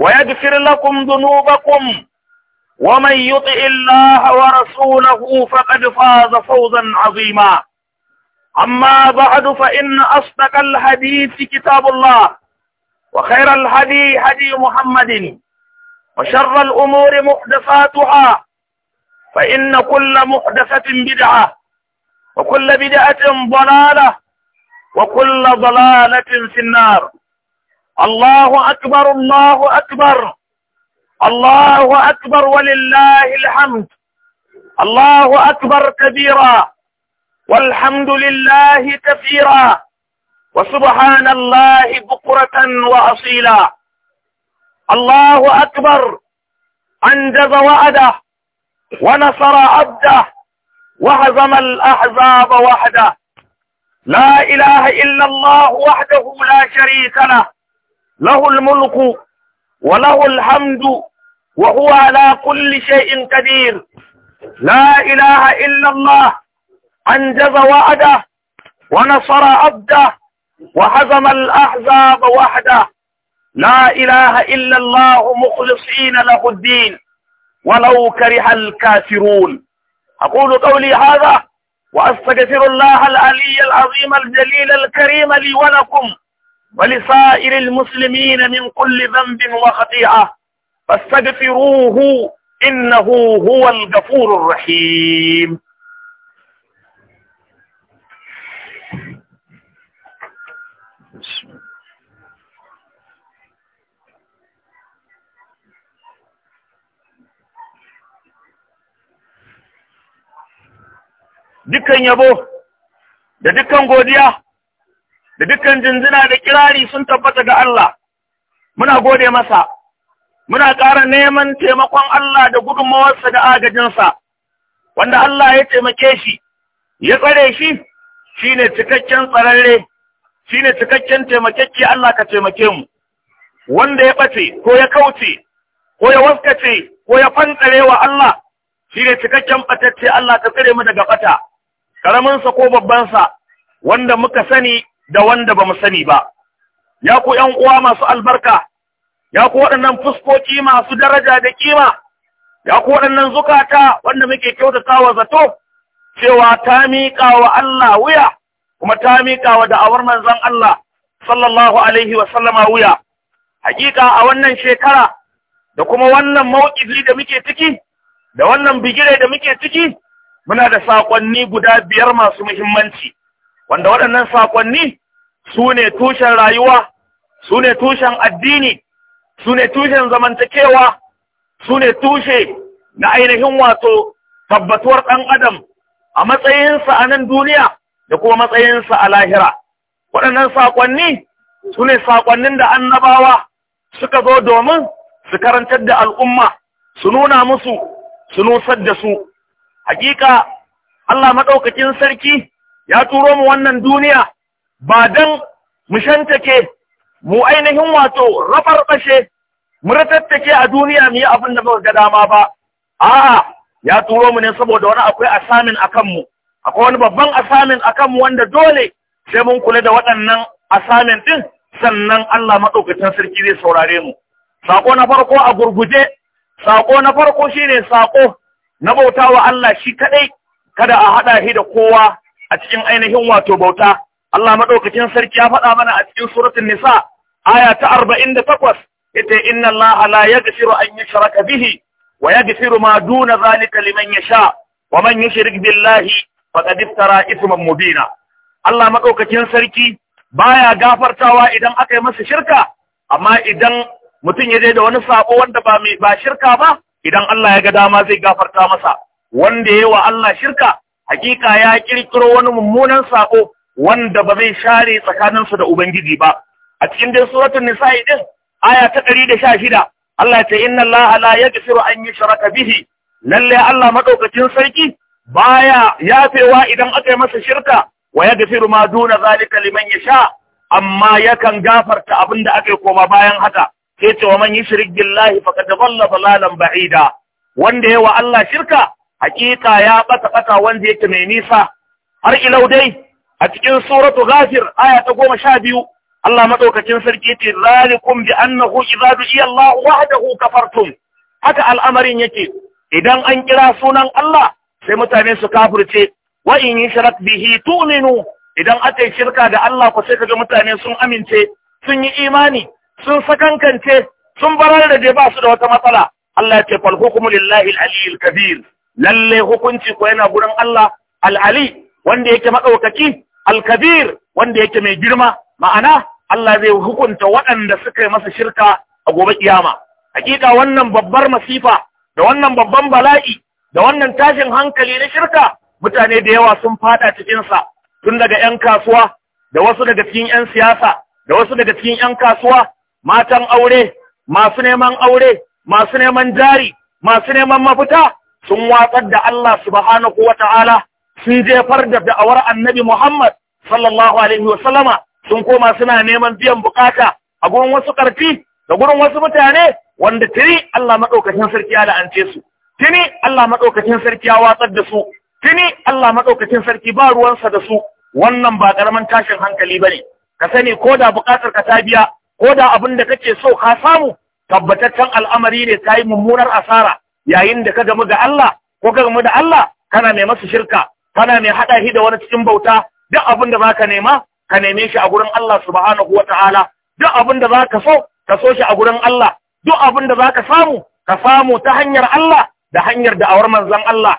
ويغفر لكم ذنوبكم ومن يطع الله ورسوله فقد فاز فوزا عظيما أما بعد فإن أصدق الحديث كتاب الله وخير الهدي هدي محمد وشر الأمور محدثاتها فإن كل محدثة بدعة وكل بدعة ضلالة وكل ضلالة في النار الله أكبر الله أكبر الله أكبر ولله الحمد الله أكبر كبيرا والحمد لله كثيرا وسبحان الله بكرة وأصيلا الله أكبر أنجز وعده ونصر عبده وهزم الأحزاب وحده لا إله إلا الله وحده لا شريك له له الملك وله الحمد وهو على كل شيء قدير لا إله إلا الله أنجز وعده ونصر عبده وهزم الأحزاب وحده لا إله إلا الله مخلصين له الدين ولو كره الكافرون أقول قولي هذا وأستغفر الله العلي العظيم الجليل الكريم لي ولكم ولسائر المسلمين من كل ذنب وخطيئة فاستغفروه إنه هو الغفور الرحيم dukkan يبو da غوديا da dukkan jinjina da kirari sun tabbata ga Allah muna gode masa muna ƙara neman taimakon Allah da gudunmawarsa da agajinsa wanda Allah ya taimake shi ya tsare shi shine cikakken tsararre shine cikakken taimakekke Allah ka taimake mu wanda ya ɓace ko ya kauce ko ya waskace ko ya fantsare wa Allah shine cikakken ɓatacce Allah ka tsare mu daga ɓata. Ƙaraminsa ko babbansa, wanda muka sani da wanda ba mu sani ba ya ku ƴan uwa masu albarka ya ku waɗannan fuskoki masu daraja da kima ya ku waɗannan zukata wanda muke kyautata wa zato cewa ta miƙa wa Allah wuya kuma ta miƙa wa da'awar manzon Allah sallallahu alaihi wa wuya hakika a wannan shekara da kuma wannan mawqifi da muke ciki da wannan bigire da muke ciki muna da saƙonni guda biyar masu muhimmanci wanda waɗannan saƙonni su ne tushen rayuwa su ne tushen addini su ne tushen zamantakewa su ne tushe na ainihin wato tabbatuwar ɗan adam a matsayinsa a nan duniya da kuma matsayinsa a lahira waɗannan saƙonni su ne saƙonnin da annabawa suka zo domin su karantar da al'umma su nuna musu su nusar da su hakika Allah maɗaukakin sarki ya turo mu wannan duniya ba don mu shantake mu ainihin wato rafarbashe mu ratattake a duniya mu yi abin da ga dama ba a'a ya turo mu ne saboda wani akwai asamin a kanmu. akwai wani babban asamin a kanmu wanda dole sai mun kula da waɗannan asamin ɗin? sannan Allah maɗaukacin sarki zai saurare mu sako na farko a gurguje sako na farko shine sako na bautawa Allah shi kaɗai kada a haɗa shi da kowa a cikin ainihin wato bauta Allah madaukakin sarki ya faɗa mana a cikin suratul nisa aya ta 48 ita, inna Allah la yaghfiru an yushraka bihi wa yaghfiru ma duna zalika liman yasha wa man yushrik billahi faqad iftara ithman mubina Allah madaukakin sarki baya gafartawa idan aka yi masa shirka amma idan mutum ya je da wani sabo wanda ba ba shirka ba idan Allah ya ga dama zai gafarta masa wanda yayi wa Allah shirka hakika ya kirkiro wani mummunan sako wanda ba zai share tsakaninsu da ubangiji ba a cikin dai suratul nisa'i din aya ta 116 Allah ta inna Allah la yaghfiru an yushraka bihi lalle Allah madaukakin sarki baya yafewa idan aka yi masa shirka wa yaghfiru ma duna zalika liman yasha amma yakan gafarta abinda aka koma bayan haka sai ce wa man yushrik billahi faqad dhalla dhalalan ba'ida wanda yawa Allah shirka hakika ya bata bata wanda yake mai nisa har ilau dai a cikin suratu ghafir aya ta goma sha biyu Allah madaukakin sarki ce zalikum bi annahu idza du'iya Allah wahdahu kafartum haka al'amarin yake idan an kira sunan Allah sai mutane su kafirce wa in yushrak bihi tu'minu idan aka shirka da Allah ku sai kaga mutane sun amince sun yi imani sun sakankance sun barar da ba su da wata matsala Allah ya ce fal hukmu lillahi al-aliyyil kabir lalle hukunci ko yana gurin Allah al-ali wanda yake madaukaki al-kabir wanda yake mai girma ma'ana Allah zai hukunta waɗanda suka yi masa shirka a gobe kiyama hakika wannan babbar masifa da wannan babban bala'i da wannan tashin hankali na shirka mutane da yawa sun fada cikin sa tun daga ƴan kasuwa da wasu daga cikin ƴan siyasa da wasu daga cikin ƴan kasuwa matan aure masu neman aure masu neman jari masu neman mafita sun watsar da Allah subhanahu wa ta'ala sun jefar da da'awar annabi Muhammad sallallahu alaihi wa sun koma suna neman biyan bukata a gurin wasu ƙarfi da gurin wasu mutane wanda tuni Allah maɗaukacin sarki ya la'ance su tuni Allah maɗaukacin sarki ya watsar da su tuni Allah maɗaukacin sarki ba ruwansa da su wannan ba ƙaramin tashin hankali ba ne ka sani ko da buƙatar ka ta biya ko da abin da kake so ka samu tabbataccen al'amari ne ta yi mummunar asara yayin da ka gamu ga Allah ko ka gamu da Allah kana mai masa shirka kana mai haɗa shi da wani cikin bauta duk abin da za ka nema ka neme shi a gurin Allah subhanahu wataala duk abin da ka so ka so shi a gurin Allah duk abin da zaka samu ka samu ta hanyar Allah da hanyar da awar manzon Allah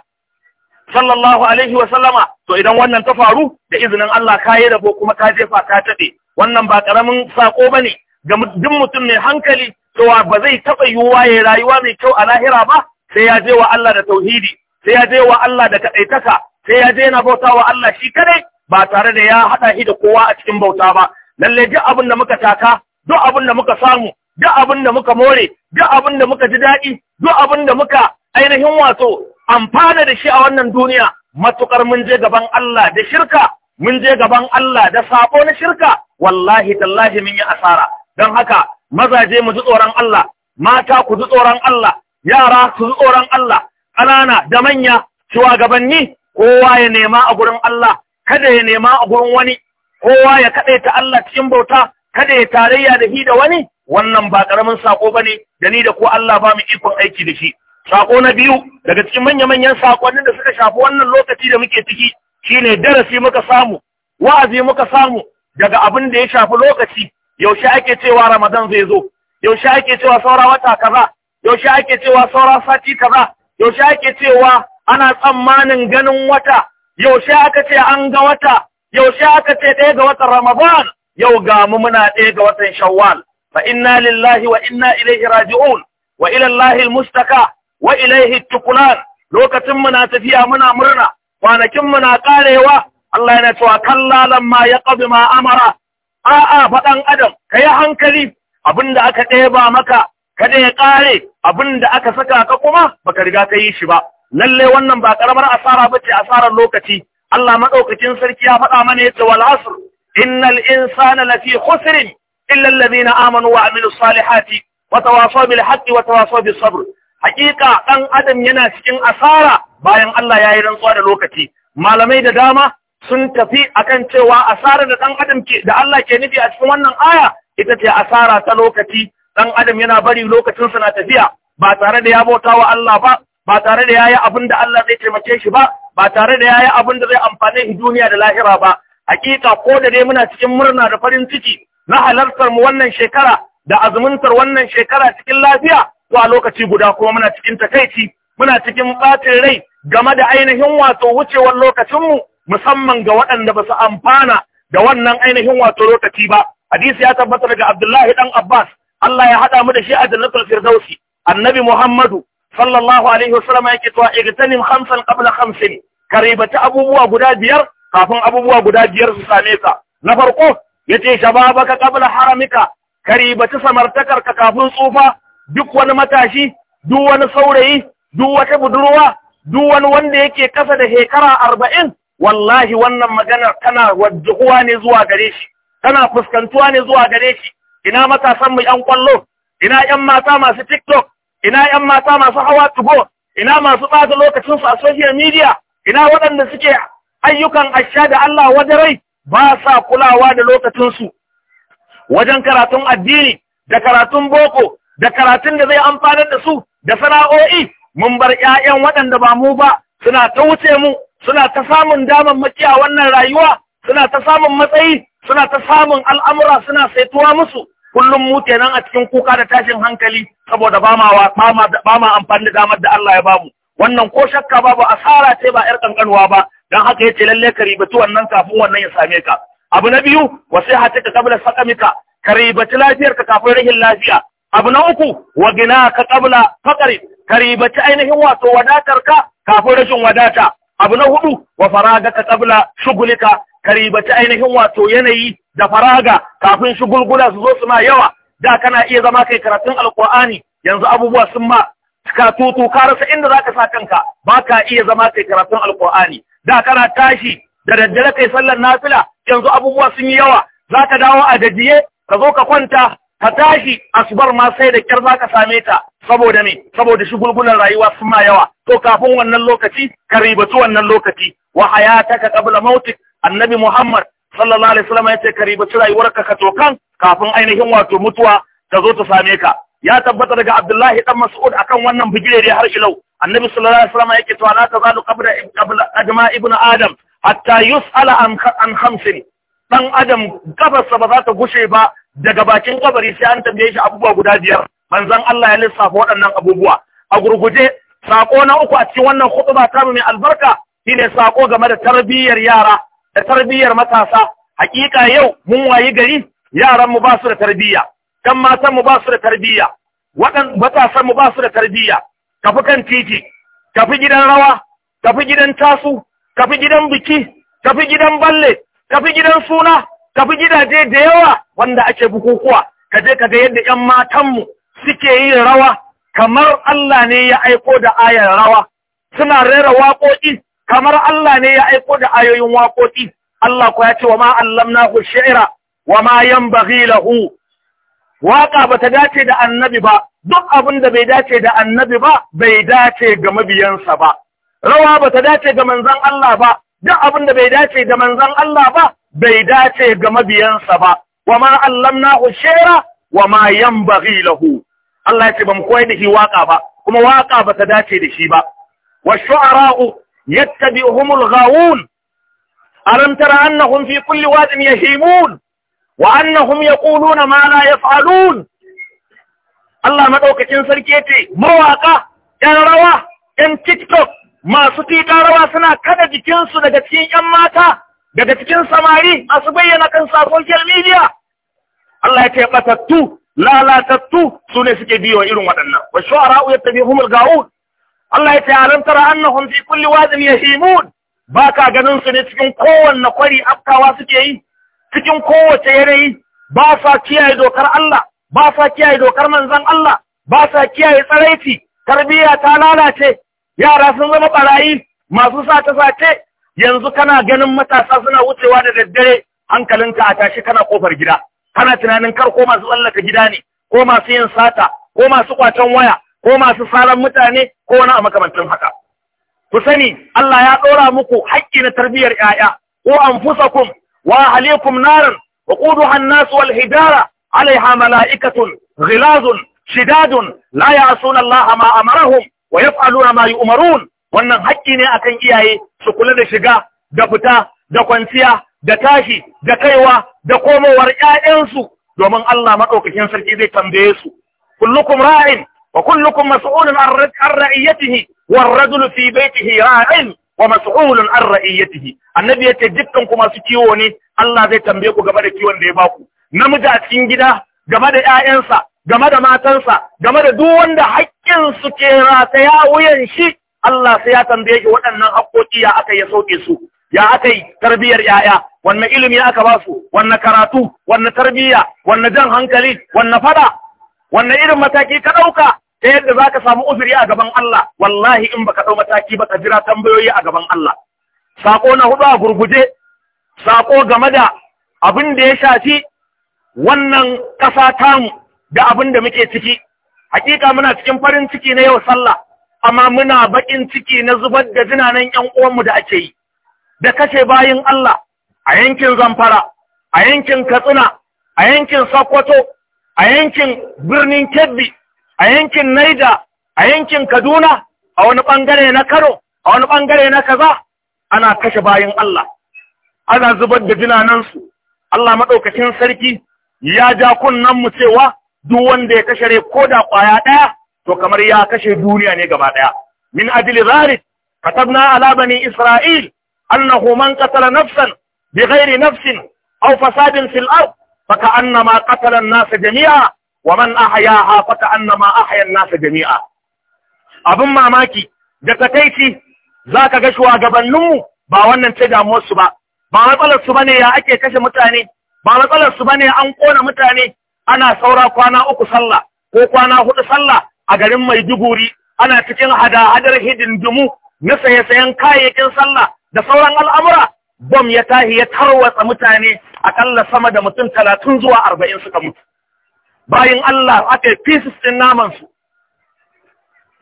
sallallahu alaihi wa sallama to idan wannan ta faru da izinin Allah ka yi rabo kuma ka jefa ka taɓe. wannan ba karamin sako bane ga duk mutum mai hankali cewa ba zai taɓa yiwuwa ya rayuwa mai kyau a lahira ba sai ya je wa Allah da tauhidi sai ya je wa Allah da kaɗaitaka sai ya je na bauta wa Allah shi kadai ba tare da ya haɗa shi da kowa a cikin bauta ba lalle duk abin da muka taka duk abin da muka samu duk abin da muka more duk abin da muka ji daɗi duk abin da muka ainihin wato amfana da shi a wannan duniya matukar mun je gaban Allah da shirka mun je gaban Allah da sabo na shirka wallahi tallahi mun yi asara don haka mazaje mu ji tsoron Allah mata ku ji tsoron Allah yara ku ji tsoron Allah ƙanana da manya shugabanni kowa ya nema a gurin Allah kada ya nema a gurin wani kowa ya ta Allah cikin bauta kada ya tarayya da shi da wani wannan ba karamin sako bane da ni da ko Allah ba mu ikon aiki da shi sako na biyu daga cikin manya-manyan sakonnin da suka shafi wannan lokaci da muke ciki shine darasi muka samu wa'azi muka samu daga abin da ya shafi lokaci yaushe ake cewa Ramadan zai zo yaushe ake cewa saura wata kaza yaushe ake cewa saura sati kaza yaushe ake cewa ana tsammanin ganin wata yaushe aka ce an ga wata yaushe aka ce ɗaya ga watan Ramadan yau ga mu muna ɗaya ga watan Shawwal fa inna lillahi wa inna ilaihi raji'un wa ila Allahil mustaka wa ilaihi tukulan lokacin muna tafiya muna murna kwanakin muna karewa Allah yana cewa kalla lamma qabi ma amara a'a faɗan adam ka hankali Abinda aka aka ɗeba maka kada ya ƙare abinda aka saka ka kuma baka riga ka yi shi ba lalle wannan ba karamar asara ba ce asarar lokaci Allah maɗaukakin sarki ya faɗa mana yace wal asr innal insana lafi khusr illa alladhina amanu wa Aminu salihati wa tawasaw bil haqqi wa tawasaw bis sabr hakika ɗan adam yana cikin asara bayan Allah ya yi rantsuwa da lokaci malamai da dama sun tafi a kan cewa asara da ɗan adam ke da Allah ke nufi a cikin wannan aya ita ce asara ta lokaci ɗan adam yana bari lokacin na tafiya ba tare da ya bauta wa Allah ba ba tare da yayi abin da Allah zai taimake shi ba ba tare da yayi abin da zai amfani shi duniya da lahira ba hakika ko da dai muna cikin murna da farin ciki na halartar mu wannan shekara da azumuntar wannan shekara cikin lafiya ko a lokaci guda kuma muna cikin takaici muna cikin ɓacin rai game da ainihin wato wucewar lokacinmu musamman ga waɗanda ba su amfana da wannan ainihin wato lokaci ba hadisi ya tabbata daga Abdullahi ɗan Abbas Allah ya haɗa mu da shi a jannatul firdausi annabi Muhammadu sallallahu alaihi wasallam yake cewa igtanim khamsan qabla khamsin karibata abubuwa guda biyar kafin abubuwa guda biyar su same ka na farko ya ce ba shababaka qabla haramika karibata ka kafin tsufa duk wani matashi duk wani saurayi duk wata budurwa duk wani wanda yake kasa da shekara arba'in wallahi wannan maganar tana wajjuhuwa ne zuwa gare shi tana fuskantuwa ne zuwa gare shi ina matasan mu yan kwallo ina yan mata masu tiktok ina yan mata masu hawa 2go? ina masu bada lokacinsu a social media ina waɗanda suke ayyukan asha da Allah waje rai? ba sa kulawa da lokacin wajen karatun addini da karatun boko da karatun da zai amfanar da su da sana'o'i mun bar 'ya'yan waɗanda ba mu ba suna ta wuce mu suna ta samun maki a wannan rayuwa suna ta samun matsayi suna ta samun al'amura suna saituwa musu kullum mu kenan a cikin kuka da tashin hankali saboda ba ma amfani da damar da Allah ya bamu wannan ko shakka babu asara ce ba yar kankanuwa ba dan haka yace lalle ka ribatu wannan kafin wannan ya same ka abu na biyu wasihataka kabla sakamika, ka ribaci lafiyar ka kafin rahin lafiya abu na uku wa gina ka kabla faqri ka ribaci ainihin wato wadatar ka kafin rashin wadata abu na hudu wa faraga ka tsabla shugulika ka ainihin wato yanayi da faraga kafin shugulgula su zo su ma yawa da kana iya zama kai karatun alqur'ani yanzu abubuwa sun ma ka tutu ka rasa inda ka sa kanka baka iya zama kai karatun alkur'ani da kana tashi da daddare kai sallar nafila yanzu abubuwa sun yi yawa Za ka dawo a gajiye ka zo ka kwanta ka tashi asubar ma sai da kyar za ka same ta saboda me saboda shugulgulan rayuwa sun ma yawa to kafin wannan lokaci ka ribatu wannan lokaci wa hayataka qabla mautik annabi muhammad sallallahu alaihi wasallam yace ka ribatu rayuwarka ka tokan kafin ainihin wato mutuwa ta zo ta same ka ya tabbata daga abdullahi dan mas'ud akan wannan bigire har ilau annabi sallallahu alaihi wasallam yake cewa la tazalu qabla qabla ajma ibnu adam hatta yus'ala an khamsin dan adam gabarsa ba za ta gushe ba daga bakin kabari sai an tambaye shi abubuwa guda biyar manzon Allah ya lissafa waɗannan abubuwa a gurguje sako na uku a cikin wannan khutba ta mai albarka shine sako game da tarbiyyar yara da tarbiyyar matasa hakika yau mun wayi gari yaran mu ba su da tarbiyya kan matan mu ba su da tarbiyya waɗan matasan mu ba su da tarbiyya kafi kan titi kafi gidan rawa kafi gidan tasu kafi gidan biki kafi gidan balle kafi gidan suna ka fi gidaje da yawa wanda ake bukukuwa ka je ka ga yadda 'yan matanmu suke yin rawa kamar Allah ne ya aiko da ayar rawa suna rera waƙoƙi kamar Allah ne ya aiko da ayoyin waƙoƙi Allah ko ya ce wa ma ku sha’ira, wa ma yanbaghi lahu waƙa bata dace da annabi ba duk abin da bai dace da annabi ba bai dace ga mabiyansa ba rawa bata dace ga manzon Allah ba duk abin bai dace da manzon Allah ba bai dace ga mabiyansa ba wa ma allamnahu shera wa ma yanbaghi lahu Allah ya ce bamu koyi da shi waka ba kuma waƙa ba ta dace da shi ba wa shu'ara'u yattabi'uhumul ghawun alam tara annahum fi kulli wadin yahimun wa annahum yaquluna ma la yaf'alun Allah madaukakin sarki yace mawaka yan rawa yan tiktok masu tita rawa suna kada jikinsu daga cikin yan mata daga cikin samari masu bayyana kan a social media Allah ya ce batattu lalatattu su ne suke biyo irin waɗannan wa tabi humul ga'ud Allah ya ce alam tara annahum fi kulli wadin yahimun baka ganin su ne cikin kowanne kwari afkawa suke yi cikin kowace yanayi ba sa kiyaye dokar Allah ba sa kiyaye dokar manzon Allah ba sa kiyaye tsaraici tarbiyya ta lalace yara sun zama barayi masu sace-sace yanzu kana ganin matasa suna wucewa da daddare hankalinka a tashi kana kofar gida kana tunanin kar ko masu tsallaka gida ne ko masu yin sata ko masu kwatan waya ko masu saran mutane ko wani a makamantan haka ku sani Allah ya ɗora muku haƙƙi na tarbiyyar ƴaƴa ko anfusakum wa ahlikum naran wa quduha an-nas wal hidara alaiha mala'ikatun ghilazun shidadun la ya'suna Allah ma amarahum wa yaf'aluna ma yu'marun wannan haƙƙi ne akan iyaye su kula da shiga da fita da kwanciya da tashi da kaiwa da komowar ƴaƴansu domin Allah maɗaukakin sarki zai tambaye su kullukum ra'in wa kullukum mas'ulun an ra'iyatihi war rajulu fi baitihi ra'in wa mas'ulun an ra'iyatihi annabi yace dukkan ku masu kiwo ne Allah zai tambaye ku game da kiwon da ya baku namiji a cikin gida game da ƴaƴansa game da matansa game da duk wanda haƙƙin su ke rataya wuyan shi Allah sai ya tambaye ki waɗannan haƙoƙi ya aka ya sauke su ya aka yi tarbiyyar yaya wanne ilimi aka ba su wanne karatu wanne tarbiyya wanne jan hankali wanne fada wanne irin mataki ka ɗauka ta yadda za ka samu uzuri a gaban Allah wallahi in ba ka ɗau mataki ba ka jira tambayoyi a gaban Allah Saƙo na hudu a gurguje saƙo game da abin da ya shafi wannan ƙasa tamu da abin da muke ciki hakika muna cikin farin ciki na yau sallah amma muna bakin ciki na zubar da zinanan ‘yan uwanmu da ake yi, da kashe bayin Allah a yankin Zamfara, a yankin Katsina, a yankin Sokoto, a yankin birnin Kebbi, a yankin Naija, a yankin Kaduna, a wani bangare na Kano, a wani bangare na kaza, ana kashe bayin Allah, ana zubar da su Allah maɗaukacin sarki ya ja kunnan mu cewa duk wanda ya kashe ko da ƙwaya ɗaya to kamar ya kashe duniya ne gaba daya min ajli zalik katabna ala bani isra'il annahu man qatala nafsan bighairi nafsin aw fasadin fil ard فكأنما قتل الناس جميعا ومن أحياها فكأنما أحيا nasa jami'a. abin mamaki da takaici zaka ga shugabanninmu ba wannan ce damuwar su ba ba matsalar su bane ya ake kashe mutane ba matsalar su bane an kona mutane ana saura kwana uku sallah ko kwana hudu sallah a garin Maiduguri ana cikin hada-hadar hidin dumu na saye-sayen kayayyakin sallah da sauran al'amura bom ya tahi ya tarwatsa mutane akalla sama da mutum talatin zuwa arba'in suka mutu bayan Allah aka yi pieces ɗin namansu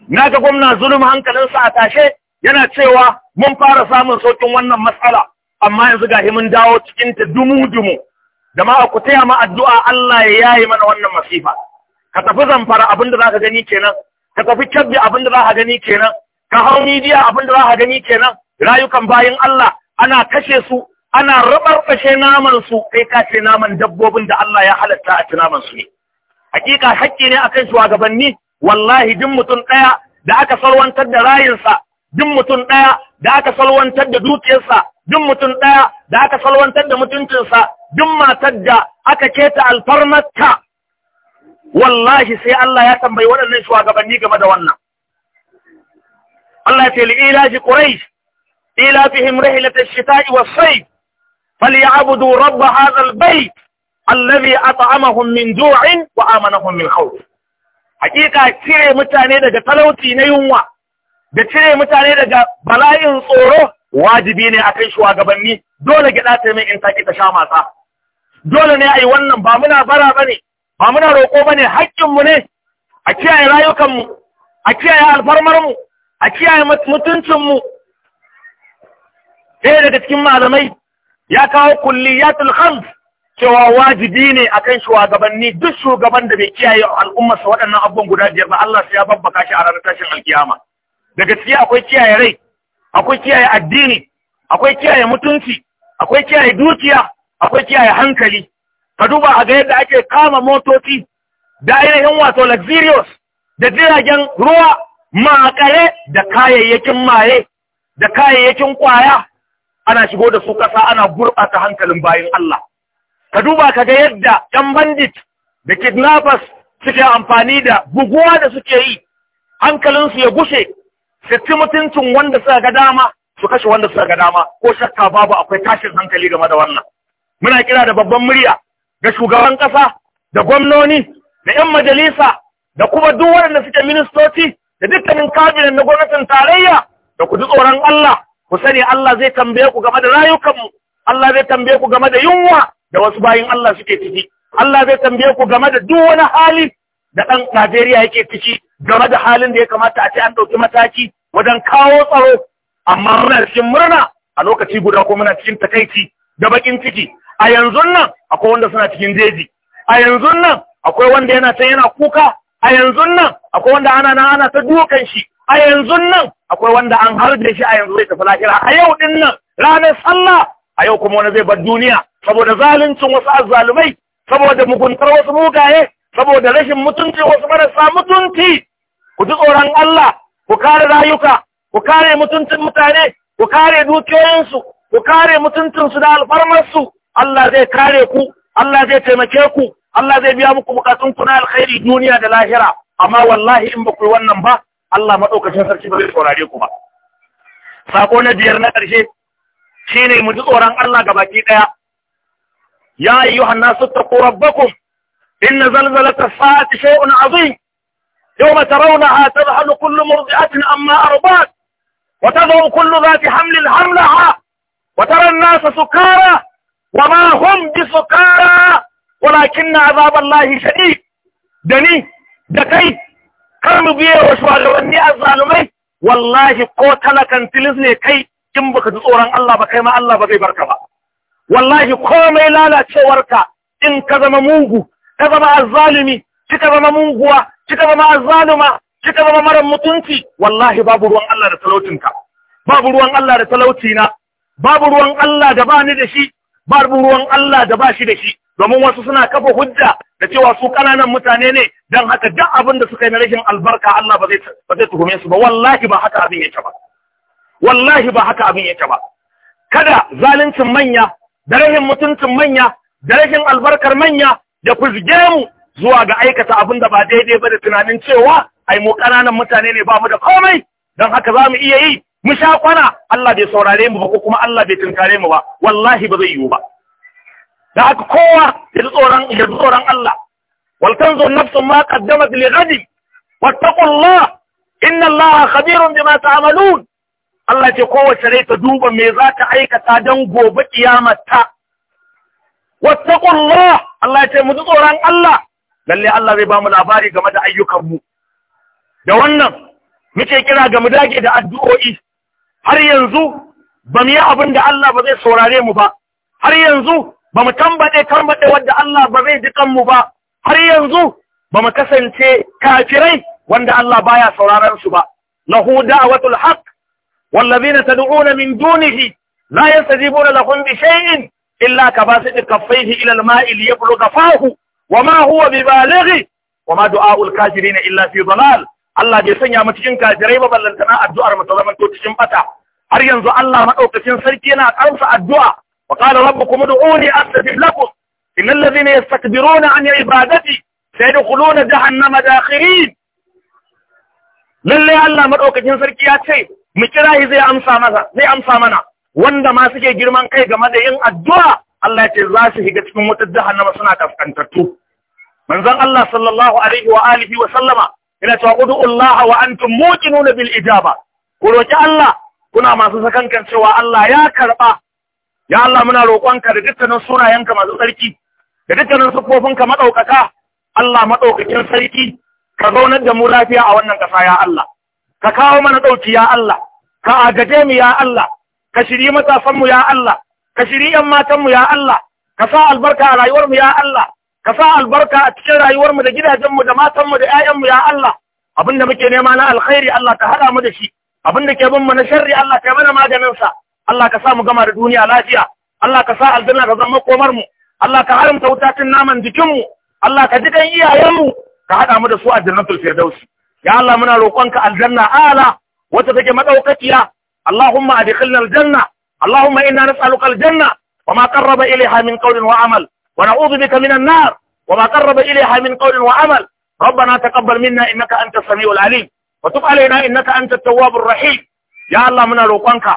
na ga gwamna zulum hankalinsa a tashe yana cewa mun fara samun saukin wannan matsala amma yanzu ga mun dawo cikinta dumu-dumu da ma ku taya ma addu'a Allah ya yayi mana wannan masifa ka tafi zamfara abin da za ka gani kenan ka tafi kyabbi abin da za ka gani kenan ka hau midiya abin da za ka gani kenan rayukan bayan Allah ana kashe su ana rabarbashe naman su kai ka naman dabbobin da Allah ya halatta a ci naman su ne hakika hakki ne akan shugabanni wallahi duk mutum ɗaya da aka salwantar da rayinsa duk mutum ɗaya da aka salwantar da dukiyarsa duk mutum ɗaya da aka salwantar da mutuncinsa duk matar da aka keta alfarmarta wallahi sai Allah ya tambayi waɗannan shugabanni game da wannan Allah ya ce li ilaji quraish ila fihim rihlat ash-shita'i was-sayf falyabudu rabba hadha al-bayt alladhi at'amahum min ju'in wa amanahum min khawf hakika cire mutane daga talauci na yunwa da cire mutane daga bala'in tsoro wajibi ne akan shugabanni dole gida ta mai in ki ta sha masa dole ne ai wannan ba muna bara bane ba muna roƙo ne, haƙƙinmu ne a kiyaye rayukanmu a kiyaye alfarmarmu a kiyaye mutuncinmu ɗaya daga cikin malamai ya kawo ya khams cewa wajibi ne a kan shugabanni duk shugaban da bai kiyaye al'ummarsa waɗannan abubuwan guda biyar ba Allah sai ya babbaka shi a ranar tashin alkiyama da gaskiya akwai kiyaye rai akwai kiyaye addini akwai kiyaye mutunci akwai kiyaye dukiya akwai kiyaye hankali ka duba a ga yadda ake kama motoci da ainihin wato luxurious da jiragen ruwa makare da kayayyakin maye da kayayyakin kwaya ana shigo da su ƙasa ana gurɓata hankalin bayan Allah ka duba ka ga yadda 'yan bandit da kidnappers suke amfani da buguwa da suke yi hankalinsu ya gushe su ci mutuncin wanda suka ga dama su kashe wanda suka ga dama ko shakka babu akwai tashin hankali game da wannan muna kira da babban murya da shugaban ƙasa da gwamnoni da 'yan majalisa da kuma duk waɗanda suke ministoci da dukkanin kabinan na gwamnatin tarayya da ku ji tsoron Allah ku sani Allah zai tambaye ku game da rayukanmu Allah zai tambaye ku game da yunwa da wasu bayin Allah suke ciki Allah zai tambaye ku game da duk wani hali da ɗan Najeriya yake ciki game da halin da ya kamata a ce an ɗauki mataki wajen kawo tsaro amma muna cikin murna a lokaci guda ko muna cikin takaici da bakin ciki a yanzu nan akwai wanda suna cikin jeji a yanzu nan akwai wanda yana can yana kuka a yanzu nan akwai wanda ana na ana ta dukan shi a yanzu nan akwai wanda an harbe shi a yanzu zai tafi lahira a yau din nan ranar sallah a yau kuma wani zai bar duniya saboda zaluncin wasu azzalumai saboda muguntar wasu mugaye saboda rashin mutunci wasu marasa mutunci ku ji tsoron Allah ku kare rayuka ku kare mutuncin mutane ku kare dukiyoyinsu ku kare mutuntunsu da alfarmarsu Allah zai kare ku Allah zai taimake ku Allah zai biya muku bukatun ku na alkhairi duniya da lahira amma wallahi in ba ku yi wannan ba Allah madaukakin sarki ba zai saurare ku ba sako na biyar na ƙarshe shine mu ji tsoron Allah ga baki ɗaya. ya ayyuhan nasu taqu rabbakum إن زلزلة الساعة شيء عظيم يوم ترونها تذهل كل Wata أما أرضات وتضع كل ذات حمل حملها وترى الناس سكارى وما هم بسكارى ولكن عذاب الله شديد دني دكي كم بيه وشوالوني الظالمين والله قوتنا كان تلزني كي in baka ji tsoron Allah ba kai ma Allah ba zai barka ba wallahi komai lalacewarka in ka zama mugu, ka zama azzalimi kika zama munguwa kika zama azzaluma kika zama mara mutunci wallahi babu ruwan Allah da talautinka babu ruwan Allah da talautina babu ruwan Allah da ba ni da shi babu ruwan Allah da ba shi da shi domin wasu suna kafa hujja da cewa su kananan mutane ne don haka duk abin da suka yi na rashin albarka Allah ba zai tuhume su ba wallahi ba haka abin yake ba wallahi ba haka abin yake ba kada zaluncin manya da rashin mutuncin manya da rashin albarkar manya da kuzge mu zuwa ga aikata abin da ba daidai ba da tunanin cewa ai mu kananan mutane ne ba mu da komai don haka za mu iya yi mu sha kwana Allah bai saurare mu ba ko kuma Allah bai tunkare mu ba wallahi ba zai yiwu ba da haka kowa ya ji tsoron ya ji tsoron Allah wal tanzu nafsu ma qaddamat li ghadin wattaqullah inna Allah khabirun bima ta'malun Allah ce kowace rai ta duba me za ta aikata dan gobe kiyamata wattaqullah Allah ce mu ji tsoron Allah lalle Allah zai ba mu labari game da ayyukan mu da wannan muke kira ga mu dage da addu'o'i har yanzu ba mu yi abin da Allah ba zai saurare mu ba har yanzu ba mu tambaɗe karmaɗe wadda Allah ba zai ji kanmu ba har yanzu ba mu kasance kafirai wanda Allah baya sauraron su ba lahu da'watul wallazi na tad'una min dunihi la yastajibuna lahum bi shay'in illa kabasit kaffayhi ila al-ma'i liyabluga fahu wama huwa bibalighi wama du'a'ul kafirin illa fi balal. Allah bai sanya mu cikin kafirai ba ballantana addu'ar mu ta zama to cikin bata har yanzu Allah madaukakin sarki yana karsa addu'a wa qala rabbukum ud'uni astajib lakum innal ladhina yastakbiruna an ibadati sayadkhuluna jahannama dakhirin lalle Allah madaukakin sarki ya ce mu kira shi zai amsa masa zai amsa mana wanda ma suke girman kai game da yin addu'a Allah ya ce za su shiga cikin wata jahannama suna kaskantattu manzon Allah sallallahu alaihi wa alihi wa sallama ina cewa ud'ullaha wa antum muqinuna bil ijaba ku roki Allah kuna masu kan cewa Allah ya karba ya Allah muna roƙonka da dukkanin sunayenka masu sarki, da dukkanin ka madaukaka Allah madaukakin sarki ka zaunar da mu lafiya a wannan ƙasa ya Allah ka kawo mana ɗauki ya Allah ka agaje mu ya Allah ka shiri matasanmu ya Allah ka shiri ‘yan matanmu ya Allah, ka sa albarka a rayuwarmu ya Allah, ka sa albarka a cikin rayuwarmu da gidajenmu da matanmu da 'ya'yanmu ya Allah da muke nema na alkhairi Allah ka haɗa mu da shi da ke bin mu na sharri Allah ka yi mana maganin sa Allah ka sa mu gama da duniya lafiya Allah ka sa aljanna ka zama komar mu Allah ka haramta wutacin naman jikinmu Allah ka ji dan iyayenmu ka haɗa mu da su a jannatul firdausi ya Allah muna roƙonka aljanna ala wata take madaukakiya Allahumma adkhilna aljanna Allahumma inna nas'aluka aljanna وما قرب إليها من wa amal. ونعوذ بك من النار وما قرب إليها من قول وعمل ta تقبل منا إنك أنت السميع العليم وتب علينا إنك أنت التواب الرحيم يا الله من روقانك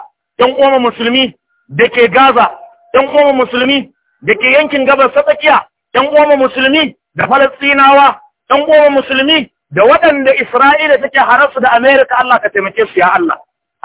ينقوم مسلمين دكي غازة ينقوم مسلمين دكي ينكن قبل ستكيا ينقوم مسلمين da Falasɗinawa, ‘yan goma musulmi, da waɗanda Isra’ila take harasu da Amerika, Allah ka taimake su, ya Allah,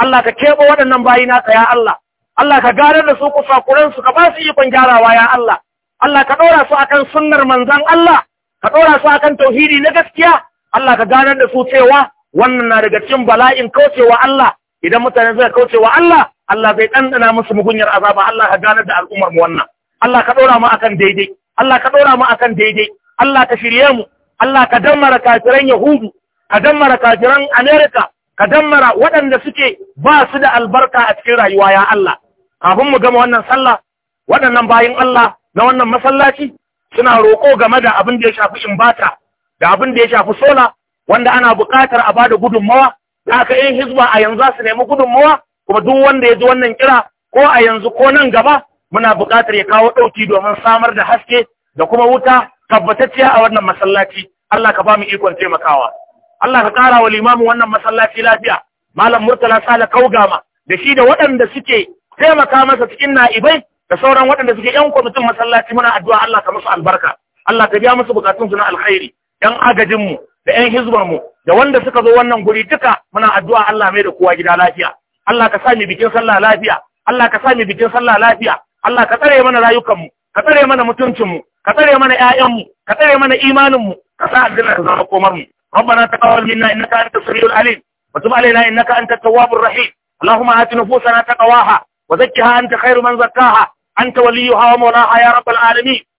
Allah ka keɓe waɗannan bayi naka, ya Allah, Allah ka gare da su kusa su ka ba su ikon gyarawa, ya Allah, Allah ka ɗora su akan sunnar manzan Allah ka ɗora su akan tauhidi na gaskiya Allah ka ganar da su cewa wannan na daga cikin bala'in kaucewa Allah idan mutane suka kaucewa Allah Allah zai ɗanɗana musu mugunyar azaba Allah ka ganar da al'ummar mu wannan Allah ka ɗora mu akan daidai Allah ka ɗora mu akan daidai Allah ka shirye mu Allah ka dammara kafiran Yahudu ka dammara kafiran Amerika ka dammara waɗanda suke ba su da albarka a cikin rayuwa ya Allah kafin mu gama wannan sallah waɗannan bayin Allah na wannan masallaci suna roƙo game da abin da ya shafi imbata da abin da ya shafi sola wanda ana buƙatar a bada gudunmawa da aka yi hizba a yanzu za su nemi gudunmawa kuma duk wanda ya ji wannan kira ko a yanzu ko nan gaba muna buƙatar ya kawo ɗauki domin samar da haske da kuma wuta tabbatacciya a wannan masallaci Allah ka ba mu ikon taimakawa Allah ka ƙara wa limamin wannan masallaci lafiya malam murtala sala kaugama da shi da waɗanda suke taimaka masa cikin na'ibai da sauran waɗanda suke yan kwamitin masallaci muna addu'a Allah ka musu albarka Allah ka biya musu bukatunsu na alkhairi yan agajinmu da yan hizbar mu da wanda suka zo wannan guri duka muna addu'a Allah mai da kowa gida lafiya Allah ka sa mi bikin sallah lafiya Allah ka sa mi bikin sallah lafiya Allah ka tsare mana rayukan mu ka tsare mana mutuncin mu ka tsare mana 'ya'yanmu, mu ka tsare mana imanin mu ka sa aljanna da zama komar mu ربنا تقبل منا انك انت السميع العليم وتب علينا انك انت التواب الرحيم اللهم آت نفوسنا تقواها وزكها أنت خير من زكاها anta waliyuha wa mawlaha ya rabbal alamin